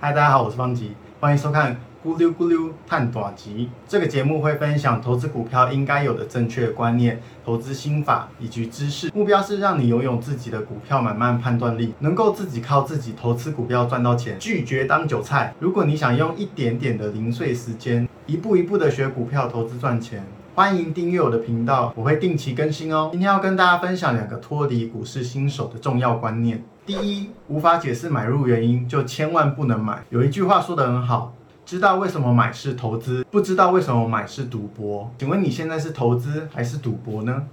嗨，Hi, 大家好，我是方吉，歡迎收看《股溜股溜探大吉》。這個節目會分享投資股票應該有的正確觀念、投資心法以及知識，目標是讓你擁有自己的股票買賣判斷力，能夠自己靠自己投資股票賺到錢，拒絕當韭菜。如果你想用一點點的零碎時間，一步一步的學股票投資賺錢。歡迎訂閱我的頻道，我會定期更新哦。今天要跟大家分享兩個脫離股市新手的重要觀念。第一，無法解釋買入原因，就千萬不能買。有一句話說得很好，知道為什麼買是投資，不知道為什麼買是賭博。請問你現在是投資還是賭博呢？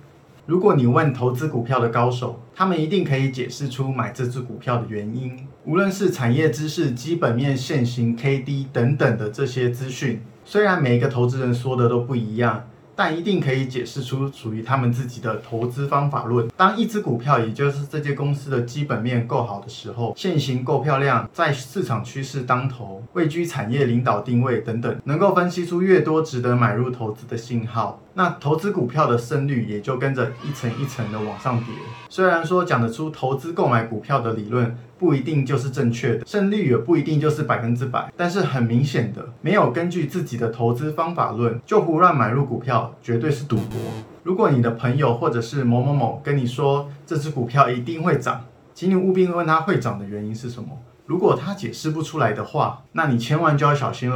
如果你問投資股票的高手，他們一定可以解釋出買這隻股票的原因。無論是產業知識、基本面、線型、KD 等等的這些資訊，雖然每一個投資人說的都不一樣。但一定可以解釋出屬於他們自己的投資方法論。當一支股票，也就是這些公司的基本面夠好的時候，線型夠漂亮，在市場趨勢當頭，位居產業領導定位等等，能夠分析出越多值得買入投資的信號。那投資股票的勝率也就跟着一層一層的往上疊。雖然說講得出投資購買股票的理論不一定就是正確的，勝率也不一定就是百分之百，但是很明顯的，沒有根據自己的投資方法論就胡亂買入股票，絕對是賭博。如果你的朋友或者是某某某跟你說這隻股票一定會漲，請你務必問他會漲的原因是什麼。如果他解釋不出來的話，那你千萬就要小心嘍。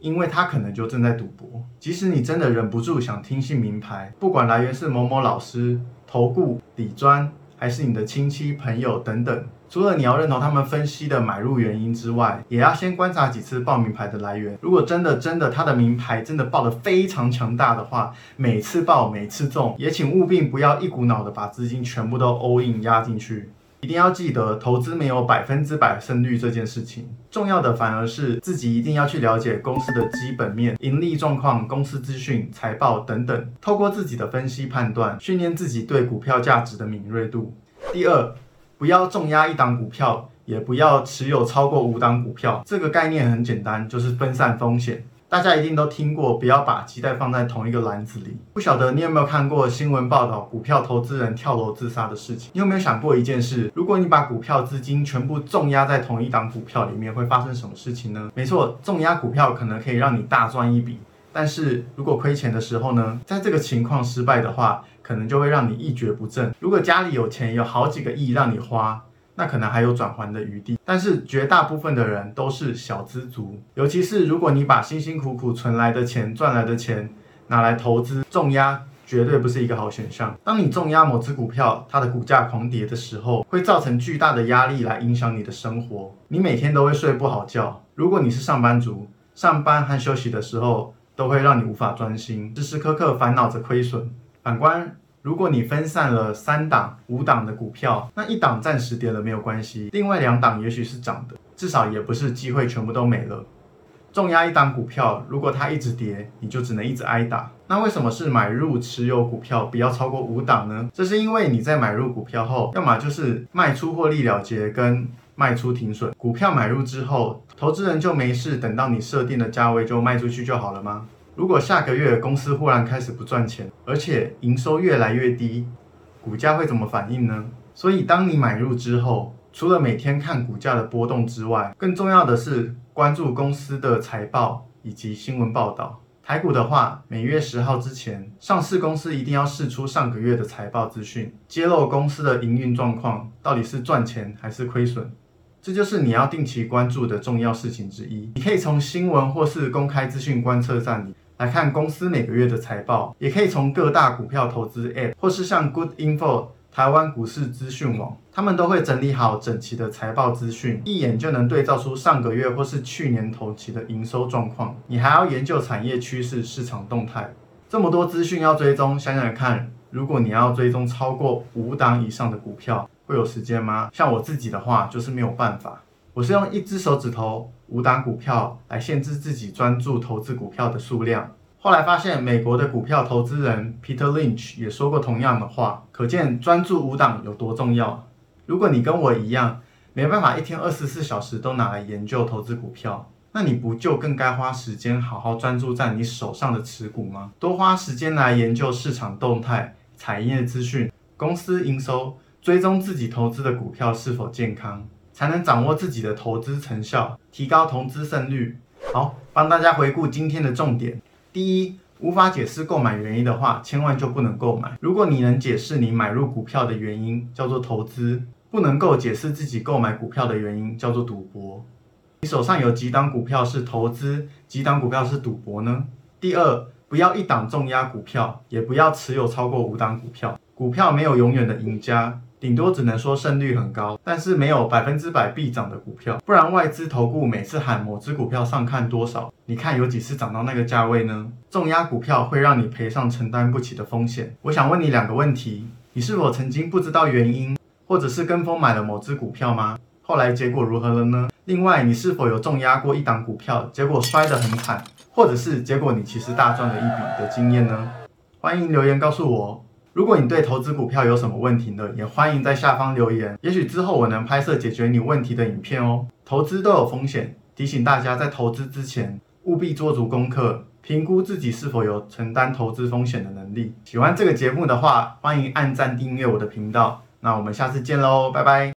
因為他可能就正在賭博。即使你真的忍不住想聽信明牌，不管來源是某某老師、投顧、理專，還是你的親戚、朋友等等，除了你要認同他們分析的買入原因之外，也要先觀察幾次報明牌的來源。如果真的真的他的明牌真的報得非常強大的話，每次報每次中，也請務必不要一股腦的把資金全部都 all in 壓進去。一定要記得，投資沒有百分之百勝率這件事情。重要的反而是自己一定要去了解公司的基本面、盈利狀況、公司資訊、財報等等，透過自己的分析判斷，訓練自己對股票價值的敏銳度。第二，不要重壓一檔股票，也不要持有超過五檔股票。這個概念很簡單，就是分散風險。大家一定都聽過，不要把雞蛋放在同一個籃子裡。不曉得你有沒有看過新聞報道，股票投資人跳樓自殺的事情？你有沒有想過一件事？如果你把股票資金全部重壓在同一檔股票裡面，會發生什麼事情呢？沒錯，重壓股票可能可以讓你大賺一筆，但是如果虧錢的時候呢？在這個情況失敗的話，可能就會讓你一蹶不振。如果家裡有錢，有好幾個億讓你花。那可能還有轉圜的餘地，但是絕大部分的人都是小資族。尤其是如果你把辛辛苦苦存來的錢、賺來的錢拿來投資重壓，絕對不是一個好選項。當你重壓某隻股票，它的股價狂跌的時候，會造成巨大的壓力來影響你的生活，你每天都會睡不好覺。如果你是上班族，上班和休息的時候都會讓你無法專心，時時刻刻煩惱着虧損。反觀如果你分散了三檔、五檔的股票，那一檔暫時跌了沒有關係，另外兩檔也許是漲的，至少也不是機會全部都沒了。重壓一檔股票，如果它一直跌，你就只能一直挨打。那為什麼是買入持有股票不要超過五檔呢？這是因為你在買入股票後，要麼就是賣出獲利了結跟賣出停損。股票買入之後，投資人就沒事，等到你設定的價位就賣出去就好了嗎？如果下個月公司忽然開始不賺錢，而且營收越來越低，股價會怎麼反應呢？所以，當你買入之後，除了每天看股價的波動之外，更重要的是關注公司的財報以及新聞報道。台股的話，每月十號之前，上市公司一定要釋出上個月的財報資訊，揭露公司的營運狀況到底是賺錢還是虧損。這就是你要定期關注的重要事情之一。你可以從新聞或是公開資訊觀測站裡。來看公司每個月的財報，也可以從各大股票投資 App，或是像 Good Info、台灣股市資訊網，他們都會整理好整齊的財報資訊，一眼就能對照出上個月或是去年同期的營收狀況。你還要研究產業趨勢、市場動態，這麼多資訊要追蹤，想想看，如果你要追蹤超過五檔以上的股票，會有時間嗎？像我自己的話，就是沒有辦法。我是用一隻手指頭，五檔股票來限制自己專注投資股票的數量。後來發現，美國的股票投資人 Peter Lynch 也說過同樣的話，可見專注五檔有多重要。如果你跟我一樣，沒辦法一天二十四小時都拿來研究投資股票，那你不就更該花時間好好專注在你手上的持股嗎？多花時間來研究市場動態、產業資訊、公司營收，追蹤自己投資的股票是否健康。才能掌握自己的投資成效，提高投資勝率。好，幫大家回顧今天的重點。第一，無法解釋購買原因的話，千萬就不能購買。如果你能解釋你買入股票的原因，叫做投資；不能夠解釋自己購買股票的原因，叫做賭博。你手上有幾檔股票是投資，幾檔股票是賭博呢？第二，不要一檔重壓股票，也不要持有超過五檔股票。股票沒有永遠的贏家。頂多只能說勝率很高，但是沒有百分之百必漲的股票，不然外資投顧每次喊某隻股票上看多少，你看有幾次漲到那個價位呢？重壓股票會讓你賠上承擔不起的風險。我想問你兩個問題：你是否曾經不知道原因，或者是跟風買了某隻股票嗎？後來結果如何了呢？另外，你是否有重壓過一檔股票，結果摔得很慘，或者是結果你其實大賺了一筆的經驗呢？歡迎留言告訴我。如果你對投資股票有什麼問題呢，也歡迎在下方留言，也許之後我能拍攝解決你問題的影片哦。投資都有風險，提醒大家在投資之前務必做足功課，評估自己是否有承擔投資風險的能力。喜歡這個節目的話，歡迎按贊訂閱我的頻道。那我們下次見嘍，拜拜。